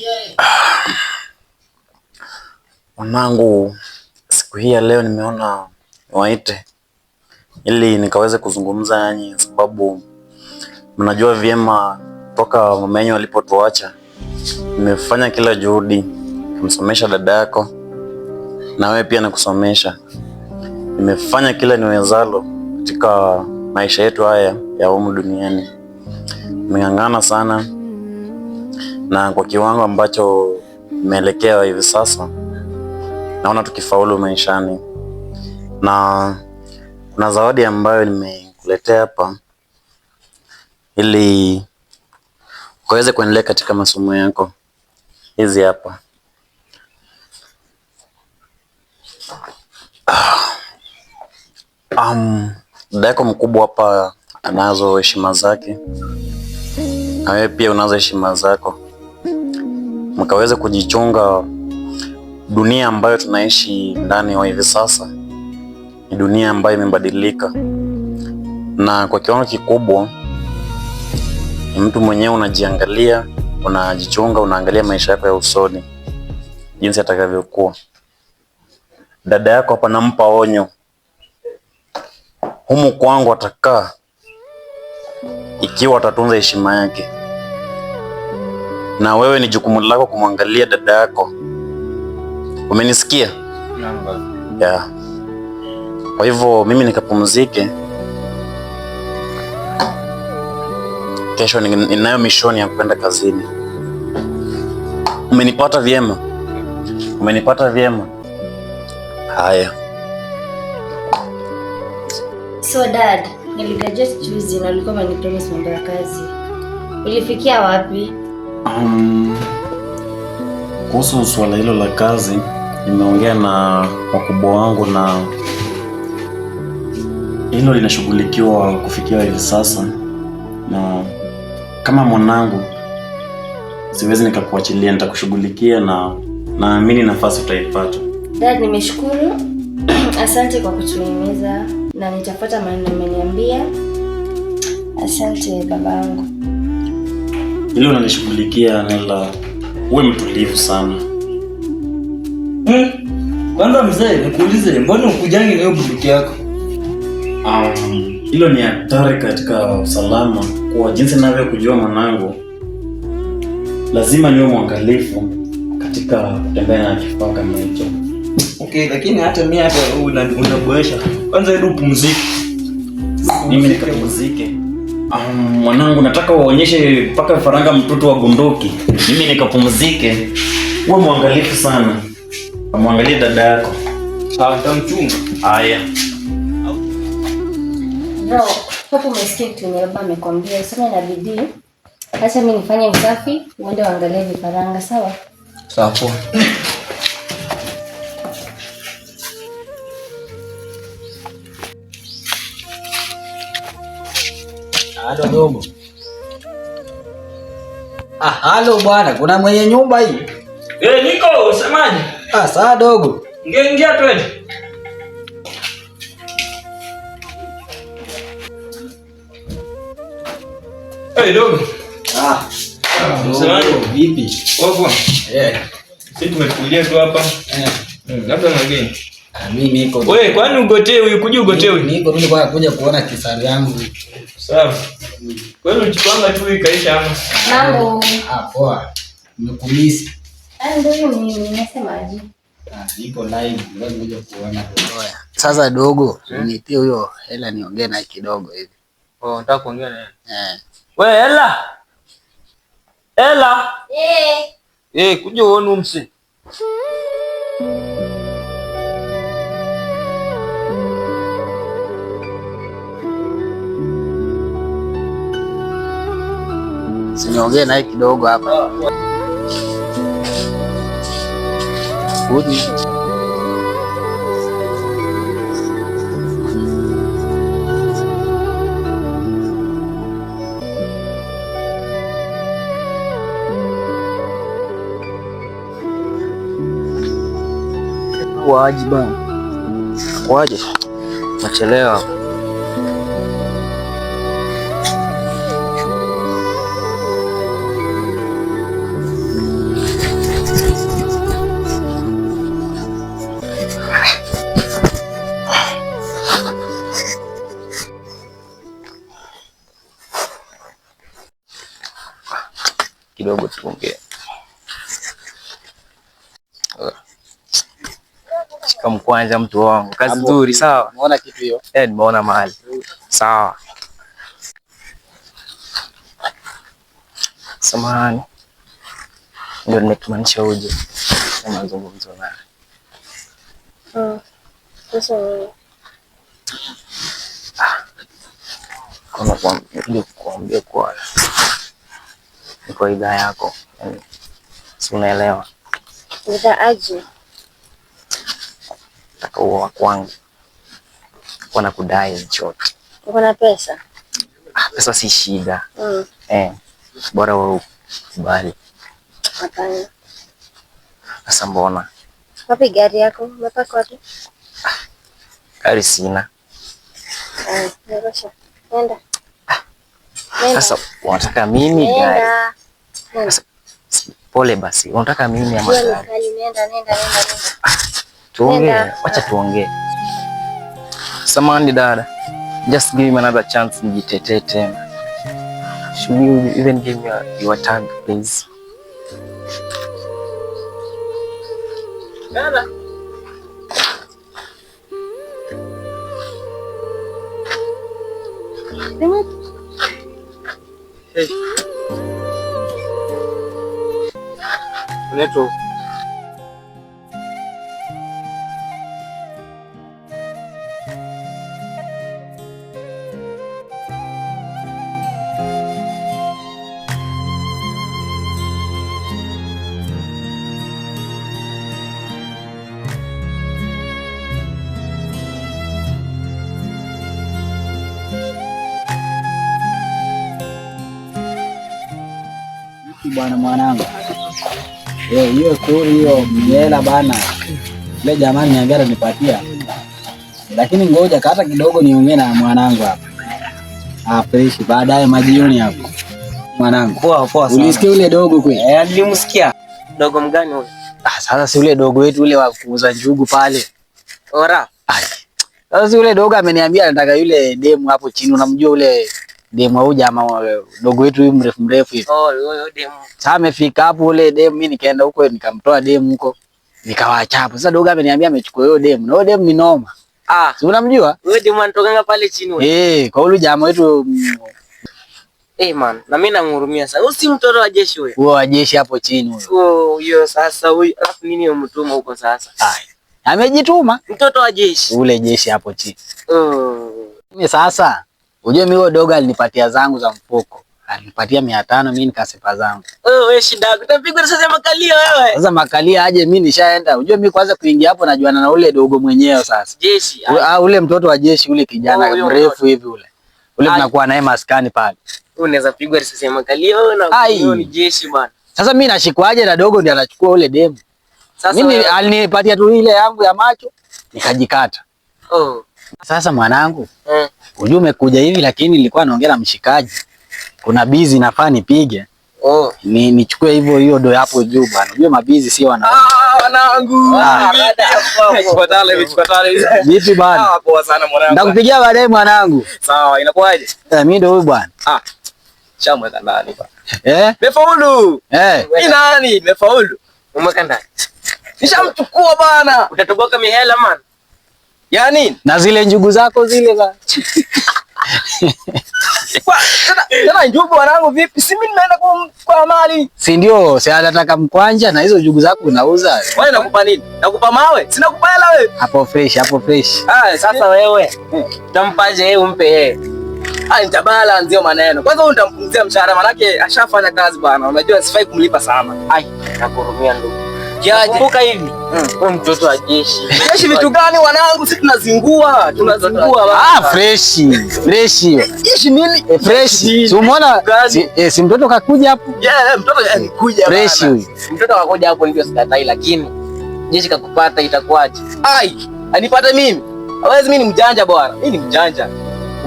Mwanangu, siku hii ya leo nimeona niwaite ili nikaweze kuzungumza nanyi, sababu mnajua vyema toka mamenyo alipotuacha nimefanya kila juhudi kumsomesha dada yako na wewe pia nakusomesha. Nimefanya kila niwezalo katika maisha yetu haya ya humu duniani, nimeng'ang'ana sana na kwa kiwango ambacho imeelekea hivi sasa, naona tukifaulu maishani. Na kuna zawadi ambayo nimekuletea hapa ili ukaweze kuendelea katika masomo yako. Hizi hapa ah, um, dada yako mkubwa hapa anazo heshima zake, na wewe pia unazo heshima zako wakaweza kujichunga. Dunia ambayo tunaishi ndani wa hivi sasa ni dunia ambayo imebadilika, na kwa kiwango kikubwa ni mtu mwenyewe unajiangalia, unajichunga, unaangalia maisha yako ya usoni jinsi atakavyokuwa. Dada yako hapa nampa onyo, humu kwangu atakaa ikiwa atatunza heshima yake na wewe ni jukumu lako kumwangalia dada yako. Umenisikia? Yeah. Kwa hivyo mimi nikapumzike, kesho ninayo mishoni ya kwenda kazini. Umenipata vyema? Umenipata vyema? Haya. So dad, niligraduate juzi na ulikuwa umenipromise mambo ya kazi. Ulifikia wapi? Um, kuhusu suala hilo la kazi nimeongea na wakubwa wangu na hilo linashughulikiwa kufikia hivi sasa, na kama mwanangu, siwezi nikakuachilia, nitakushughulikia na naamini nafasi utaipata. Dad, nimeshukuru asante kwa kutuhimiza na nitafuata maneno ameniambia. Asante babangu. Ile unanishughulikia Nela, uwe mtulivu sana. Eh, kwanza mzee, nikuulize, mbona ukujangi na hiyo bunduki yako? Um, hilo ni hatari katika usalama. Kwa jinsi kujua mwanangu, lazima niwe mwangalifu katika kutembea na kifaa kama hicho. Okay, lakini hata mimi hata unaboesha. Kwanza hebu pumzike. Mimi nikapumzike. Um, mwanangu, nataka waonyeshe mpaka vifaranga mtoto wa bunduki, mimi nikapumzike. Uwe mwangalifu sana, amwangalie dada yako. Ah, Tamchunga haya hapo. Umesikia kitu Meraba amekwambia, usome na bidii. Acha mimi nifanye usafi, uende waangalie vifaranga, sawa sawa. Halo dogo. Ah, halo bwana, kuna mwenye nyumba hii? Eh, niko usemaje? Ah, saa dogo. Ingia ingia twende. Hey dogo. Ah. Usemaje? Vipi? Wapo? Eh. Sisi tumekuja tu hapa. Eh. Hmm, labda na geni. Mimi niko. Wewe kwani ugotee huyu kuja ugotee Niko mimi kwa kuja kuona yangu. Kwani tu hapa. Mambo. Ah poa. Nimekumisi. Yaani ah ndio mimi nimesemaje? Sasa dogo, eh? nitie huyo hela niongee naye kidogo hivi. Oh, unataka kuongea naye? Eh. Wewe hela. Hela. Eh. Eh, kuja uone siniongee naye kidogo hapa. Waji bana, waje machelewa. kidogo tuongee. Kama kwanza mtu wangu, kazi nzuri. Sawa, umeona kitu hiyo? Eh, nimeona mahali. Sawa, samahani, ndio nimekumanisha uje na mazungumzo naye. Ah, ah. Kuambia kwa niko idhaa yako, mm. si unaelewa? Idhaa aje? Nataka uwe wa kwangu, wana kudai chote. Uko na pesa? Ah, pesa si shida mm. Eh, bora wewe ukubali. Hapana. Sasa mbona? Wapi gari yako? Umepaka wapi? Ah, gari sina. Eh, ah, sasa wanataka mimi gari Pole basi, unataka mimi ama tuongee? Wacha tuongee. Samani dada, just give me another chance nijitetee tena. Should you even give me your tag, please? Dada. Hey. Hmm. Neto. Bwana mwanangu hiyo kuri hiyo miela bana, ule jamani niambia atanipatia, lakini ngoja kata kidogo niongee na mwanangu hapa afreshi, ah, baadaye majioni hapo. Mwanangu poa poa sana, ulisikia ule dogo kweli? Eh, nilimsikia. Dogo mgani ule? Ah, sasa si ule dogo wetu ule wa kuuza njugu pale. Ora. Ah, sasa si ule dogo ameniambia anataka yule demu hapo chini, unamjua ule demu au jamaa dogo wetu huyu mrefu mrefu hivi. Oh, huyo demu. Sasa amefika hapo ule demu, mimi nikaenda huko nikamtoa demu huko. Nikawachapa. Sasa dogo ameniambia amechukua hiyo demu. Na hiyo demu ni noma. Ah. Si unamjua? Wewe demu anatokanga pale chini wewe. Eh, kwa ule jamaa wetu mm. Eh, man, na mimi namhurumia sasa. Huyu si mtoto wa jeshi wewe. Huyo wa jeshi hapo chini huyo. Oh, huyo sasa huyo alafu nini umtuma huko sasa? Haya. Amejituma mtoto wa jeshi. Ule jeshi hapo chini. Mm. Mimi sasa Unajua mimi huyo dogo alinipatia zangu za mfuko. Alinipatia 500 mimi nikasepa zangu. Oh, wewe shida yako. Utapigwa sasa makalio wewe. Sasa makalia aje mimi nishaenda. Unajua mimi kwanza kuingia hapo najuana na ule dogo mwenyewe sasa. Jeshi. Ule, Ah, ule mtoto wa jeshi ule kijana oh, mrefu hivi ule. Ule tunakuwa naye maskani pale. Unaweza pigwa risasi ya makalio na ni jeshi bwana. Sasa mimi nashikwaje na dogo ndiye anachukua ule demu. Sasa mimi alinipatia tu ile yangu ya macho nikajikata. Oh. Sasa mwanangu. Mm. Ujue umekuja hivi lakini nilikuwa naongea na mshikaji. Kuna bizi nafaa nipige. Oh. Ni nichukue hivyo hiyo do hapo juu bwana. Ujue mabizi sio wana. Ah, wanangu. Ah. Ah, Vipi bwana? Ah, poa sana mwanangu. Nakupigia baadaye mwanangu. Sawa, inakuwaje? Eh, mimi ndio huyu bwana. Ah. Chama za ndani bwana. Eh? Mefaulu. Eh. Ni nani? Mefaulu. Umekanda. Nishamchukua bwana. Utatoboka mihela man. Yaani na zile njugu zako zile za Tena njugu wanangu vipi? Si mimi nimeenda kwa mali. Si ndio, si anataka mkwanja na hizo njugu zako unauza. Wewe nakupa nini? Nakupa mawe? Si nakupa hela wewe. Hapo fresh, hapo fresh. Ah, sasa wewe. Utampaje yeye umpe yeye? Ah, nitabala ndio maneno. Kwanza wewe utampunguzia mshahara maana yake ashafanya kazi bwana. Unajua sifai kumlipa sana. Ai, nakurumia ndugu. Jaji, Kumbuka hivi. Hmm. Mtoto wa jeshi. Jeshi vitu gani wanangu, sisi tunazingua, ah, tunazingua. Ah, fresh. Fresh eh, Jeshi nini? Eh, fresh. Umeona? Eh, si mtoto kakuja hapo? Yeah, eh, mtoto kakuja. Fresh huyu. Mtoto akakuja hapo ndio sikatai, lakini jeshi kakupata itakuwaje? Ai, anipata mimi. Hawezi, mimi ni mjanja bwana. Mimi ni mjanja.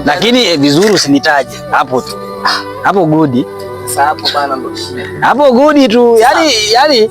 Lakini vizuri usinitaje hapo tu. Ah. Hapo good. Sasa hapo bana ndo. Hapo good tu. Yaani yaani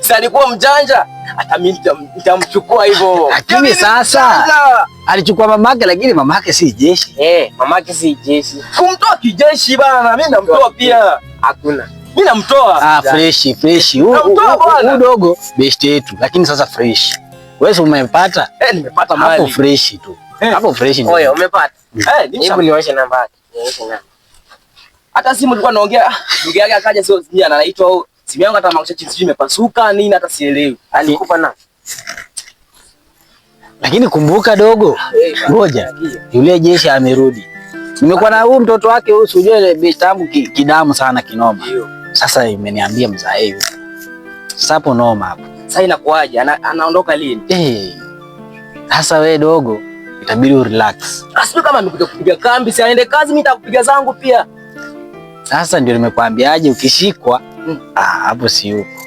Si alikuwa mjanja, hata mimi nitamchukua hivyo. Lakini sasa alichukua mamake, lakini mamake si jeshi. Eh, mamake si jeshi. Kumtoa kijeshi bana, mimi namtoa pia. Hakuna. Mimi namtoa. Ah, fresh, fresh. Huu dogo best yetu, lakini sasa fresh. Wewe umepata? Eh, nimepata mali. Hapo fresh tu. Eh. Hapo fresh ndio. Oye, umepata. Eh, hebu nionyeshe namba yake. Hata simu tulikuwa naongea, ndugu yake akaja, sio anaitwa simu yangu hata machache sijui imepasuka nini, hata sielewi. Alikupa na lakini kumbuka dogo, ah, eh, ngoja yule jeshi amerudi. Nimekuwa na huyu mtoto wake huyu, sijui beshte yangu kidamu sana kinoma. Sasa imeniambia mzaa hivi sapo noma hapo. Sasa inakuaje? Anaondoka lini? Eh, sasa we dogo, itabidi u relax. Asio ah, kama amekuja kupiga kambi, si aende kazi, mimi nitakupiga zangu pia. Sasa ndio nimekuambiaje, ukishikwa Ah, você. Assim,